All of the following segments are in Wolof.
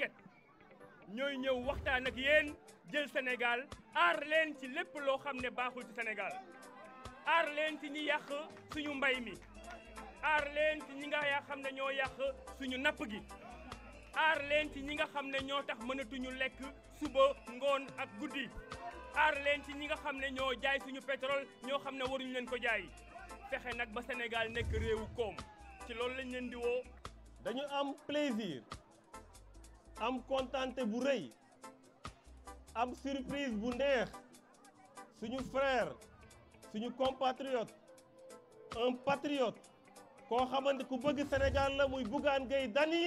enquête ñooy ñëw waxtaan ak yéen jël Sénégal aar leen ci lépp loo xam ne baaxul ci Sénégal aar leen ci ñi yàq suñu mbay mi aar leen ci ñi nga yaa xam ne ñoo yàq suñu napp gi aar leen ci ñi nga xam ne ñoo tax mënatuñu lekk suba ngoon ak guddi aar leen ci ñi nga xam ne ñoo jaay suñu pétrole ñoo xam ne waruñu leen ko jaay fexe nag ba Sénégal nekk réewu koom ci loolu lañ leen di woo dañu am plaisir am contente bu reuy am surprise bu neex suñu frère suñu compatriote un patriote ko xamante ku bëgg Sénégal la muy Bougane gay dani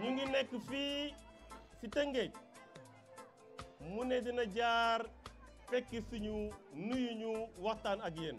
ñu ngi nekk fi ci Tëngéej mu ne dina jaar fekk suñu nuyu ñu waxtaan ak yeen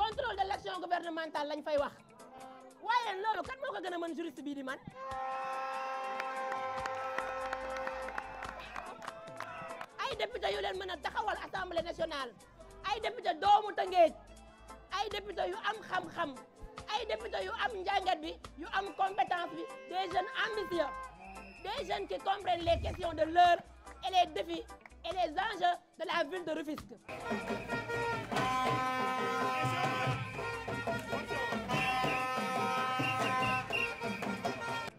contrôle de l' action gouvernementale lañ fay wax waaye loolu kan moo ko gën a mën juriste bii di man ay député yu leen mën a taxawal assemblée nationale ay député doomu Tëngéej ay député yu am xam-xam ay député yu am njàngat bi yu am compétence bi des jeunes ambitieux des jeunes qui comprennent les questions de l'heure et les défis et les enjeux de la ville de Rufisque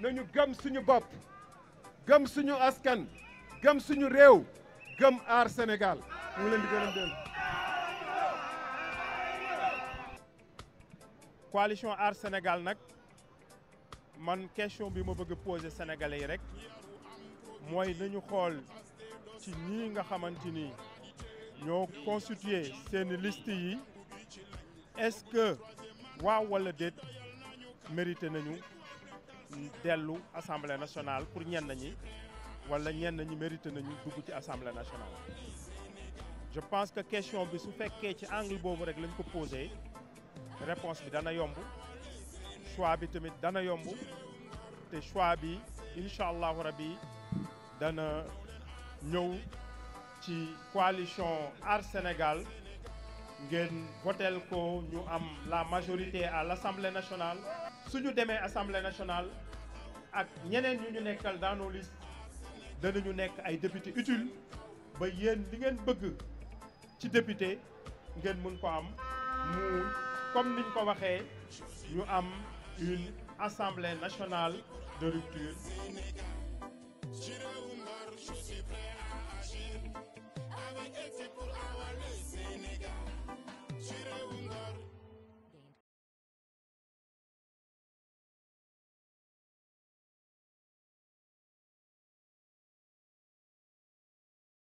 nañu gëm suñu bop gëm suñu askan gëm suñu réew gëm ar Sénégal mu ngi leen di gërëm dén coalition aar Sénégal nak man question bi ma bëgg poser sénégalais yi rek moy nañu xol ci ñi nga xamanteni ñoo constituer seeni liste yi est-ce que waaw wala déet mérité nañu de assemblée nationale pour ñenn ñi wala ñenn ñi mérité nañu dugg ci nationale. je pense que question bi su fekkee ci angle boobu rek lañ ko réponse bi dana yomb choix bi tamit dana yomb te choix bi inshallah dana ñëw ci coalition Sénégal ngeen votel ko ñu am la majorité à l'Assemblée nationale suñu démé Assemblée nationale ak ñeneen ñu ñu nekkal dans nos listes danañu nekk ay député utile ba yeen li ngeen bëgg ci député ngeen mën ko am mu comme niñ ko waxé ñu am une assemblée nationale de rupture